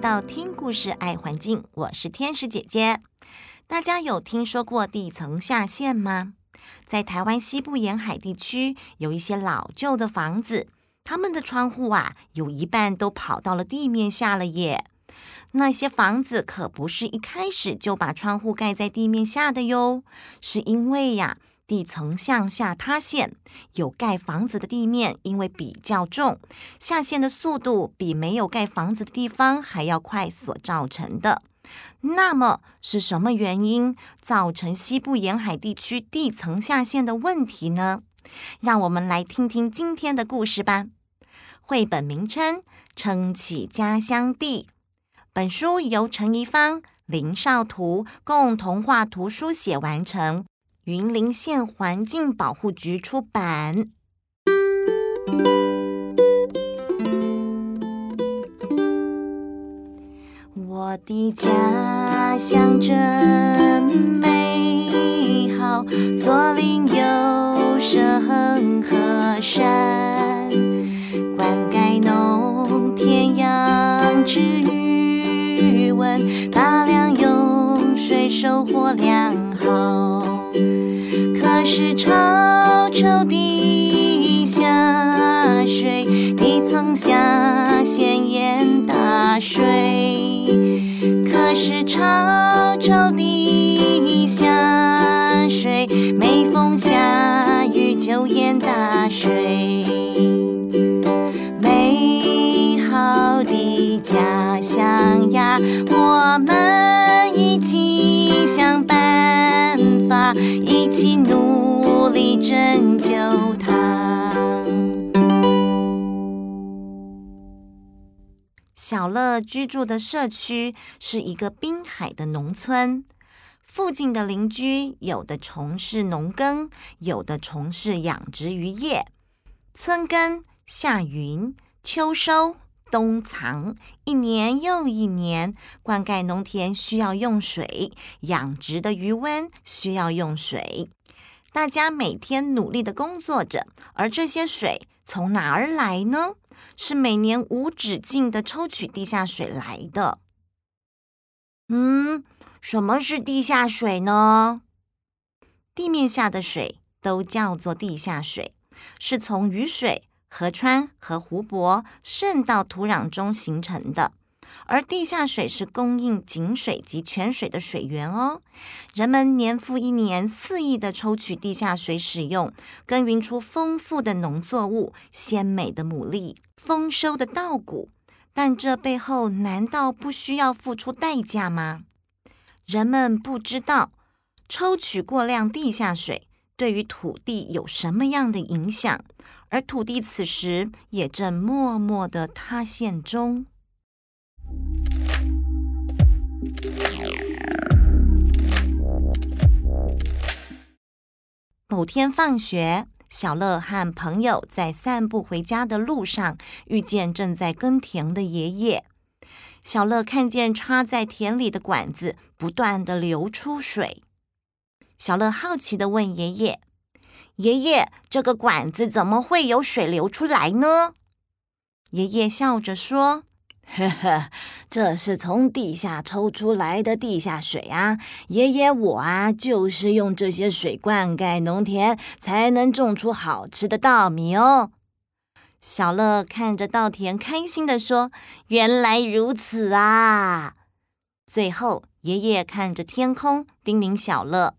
到聽故事愛環境，我是天使姐姐。大家有聽說過地層下陷嗎？在台灣西部沿海地區，有一些老舊的房子，它們的窗戶啊，有一半都跑到了地面下了耶。那些房子可不是一開始就把窗戶蓋在地面下的喲，是因為呀、啊。地層向下塌陷，有蓋房子的地面因為比較重，下陷的速度比沒有蓋房子的地方還要快，所造成的。那麼是什麼原因造成西部沿海地區地層下陷的問題呢？讓我們來聽聽今天的故事吧。繪本名稱《撐起家鄉地》，本書由陳宜芳、林少荼共同畫圖、書寫完成。雲林縣環境保護局出版。我的家鄉真美好，左鄰右舍很和善，灌溉農田養殖魚，大量用水收穫良好。可是超抽地下水，地層下陷淹大水。可是超抽地下水，每逢下雨就淹大水。美好的家鄉呀，我們。一起努力拯救它。小樂居住的社區是一個濱海的農村，附近的鄰居有的從事農耕，有的從事養殖漁業。春耕、夏耘、秋收，冬藏一年又一年，灌溉農田需要用水，養殖的魚塭需要用水，大家每天努力的工作着，而這些水從哪兒來呢？是每年無止境的抽取地下水來的。嗯，什麼是地下水呢？地面下的水都叫做地下水，是從雨水。河川和湖泊滲到土壤中形成的，而地下水是供應井水及泉水的水源哦。人們年復一年肆意的抽取地下水使用，耕耘出豐富的農作物、鮮美的牡蠣、豐收的稻穀。但這背後難道不需要付出代價嗎？人們不知道抽取過量地下水對於土地有什麼樣的影響。而土地此時也正默默的塌陷中。某天放學，小樂和朋友在散步回家的路上，遇見正在耕田的爺爺。小樂看見插在田裡的管子不斷的流出水，小樂好奇的問爺爺。爺爺，這個管子怎麼會有水流出來呢？爺爺笑着說：“呵呵，這是從地下抽出來的地下水啊。爺爺我啊，就是用這些水灌溉農田，才能種出好吃的稻米哦。”小樂看着稻田，開心地說：“原來如此啊！”最後，爺爺看着天空，叮嚀小樂：“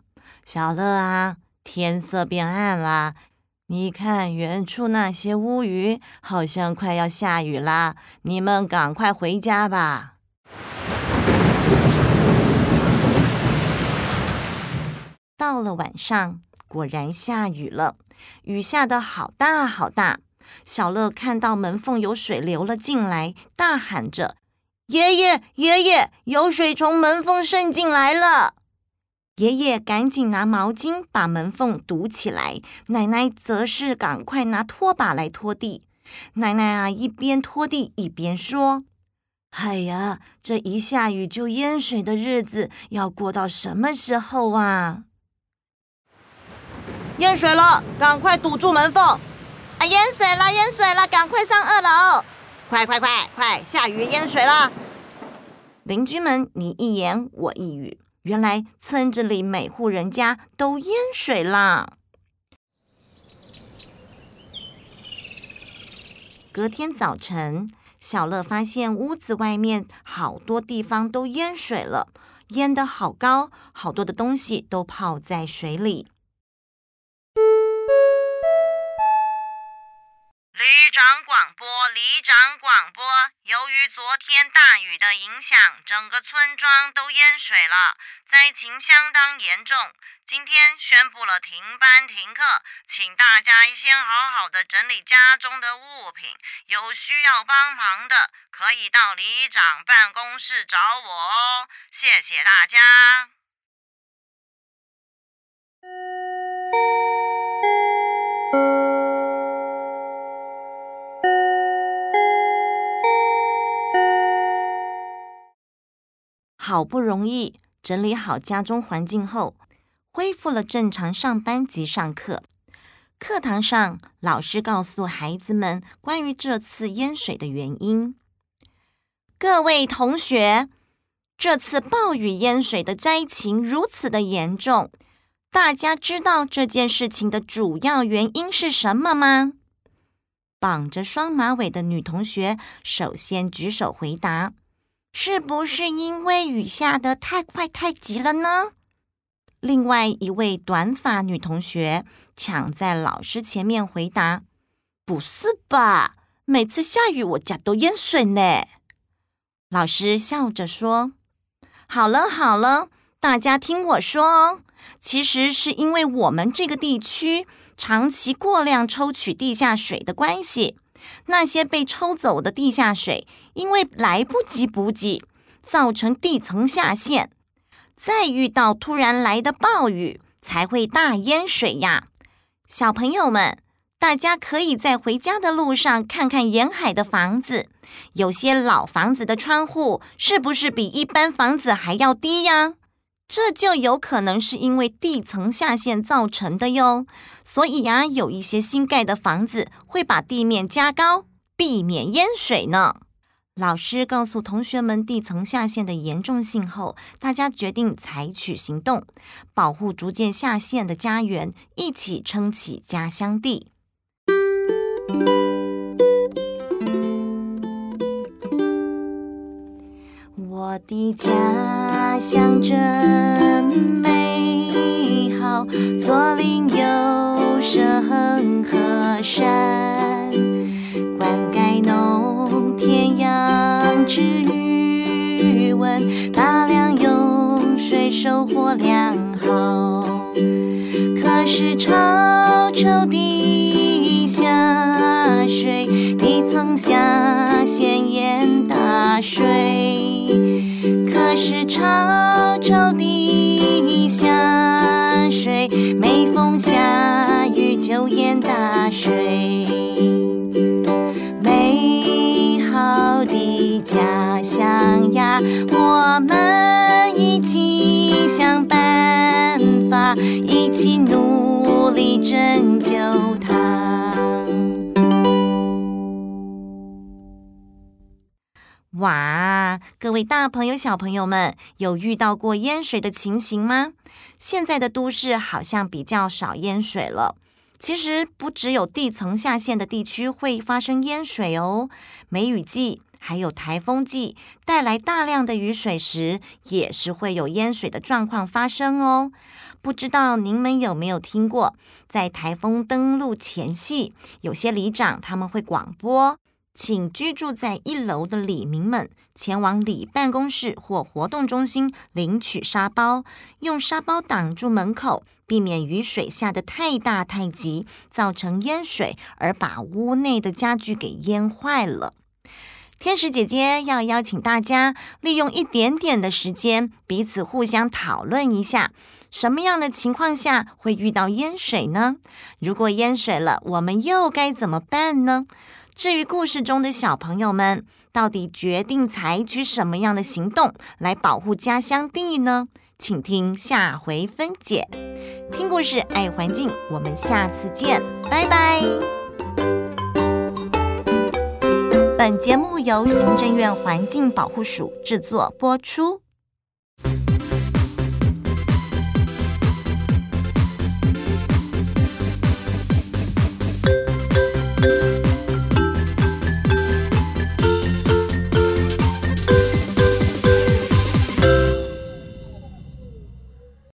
小樂啊。”天色變暗啦，你看遠處那些烏雲，好像快要下雨啦。你們趕快回家吧。到了晚上，果然下雨了，雨下得好大好大。小樂看到門縫有水流了進來，大喊着：“爺爺，爺爺，有水從門縫滲進來了。”爺爺趕緊拿毛巾把門縫堵起來，奶奶則是趕快拿拖把來拖地。奶奶啊，一邊拖地一邊說：“哎呀，這一下雨就淹水的日子要過到什麼時候啊？”淹水了，趕快堵住門縫！啊，淹水了，淹水了，趕快上二樓！快快快快，下雨淹水了！鄰居們，你一言我一語。原來村子裡每戶人家都淹水啦。隔天早晨，小樂發現屋子外面好多地方都淹水了，淹得好高，好多的東西都泡在水裡。長廣播，里長廣播。由於昨天大雨的影響，整個村莊都淹水了，災情相當嚴重。今天宣布了停班停課，請大家先好好的整理家中的物品。有需要幫忙的，可以到里長辦公室找我哦。謝謝大家。嗯好不容易整理好家中環境後，恢復了正常上班及上課。課堂上，老師告訴孩子們關於這次淹水的原因。各位同學，這次暴雨淹水的災情如此的嚴重，大家知道這件事情的主要原因是什麼嗎？綁着雙馬尾的女同學首先舉手回答。是不是因為雨下得太快太急了呢？另外一位短髮女同學搶在老師前面回答：“不是吧？每次下雨我家都淹水呢。”老師笑着說：“好了好了，大家聽我說哦，其實是因為我們這個地區長期過量抽取地下水的關係。”那些被抽走的地下水，因為來不及補給，造成地層下陷，再遇到突然來的暴雨，才會大淹水呀。小朋友們，大家可以在回家的路上看看沿海的房子，有些老房子的窗戶是不是比一般房子還要低呀？這就有可能是因為地層下陷造成的喲，所以呀，有一些新蓋的房子會把地面加高，避免淹水呢。老師告訴同學們地層下陷的嚴重性後，大家決定採取行動，保護逐漸下陷的家園，一起撐起家鄉地。我的家。家鄉真美好，左鄰右舍很和善，灌溉農田養殖魚塭，大量用水收穫良好。可是超抽地下水，地層下陷淹大水。可是超抽地下水，每逢下雨就淹大水。美好的家鄉呀，我們一起想辦法，一起努力拯救它。哇！各位大朋友、小朋友們，有遇到過淹水的情形嗎？現在的都市好像比較少淹水了。其實不只有地層下陷的地區會發生淹水哦，梅雨季還有台風季帶來大量的雨水時，也是會有淹水的狀況發生哦。不知道您們有沒有聽過，在台風登陸前夕，有些里長他們會廣播。請居住在一樓的里民們前往裡辦公室或活動中心領取沙包，用沙包擋住門口，避免雨水下得太大太急，造成淹水而把屋內的家具給淹壞了。天使姐姐要邀請大家利用一點點的時間，彼此互相討論一下，什麼樣的情況下會遇到淹水呢？如果淹水了，我們又該怎麼辦呢？至於故事中的小朋友們到底決定採取什麼樣的行動來保護家鄉地呢？請聽下回分解。聽故事，愛環境，我們下次見，拜拜。本節目由行政院環境保護署制作播出。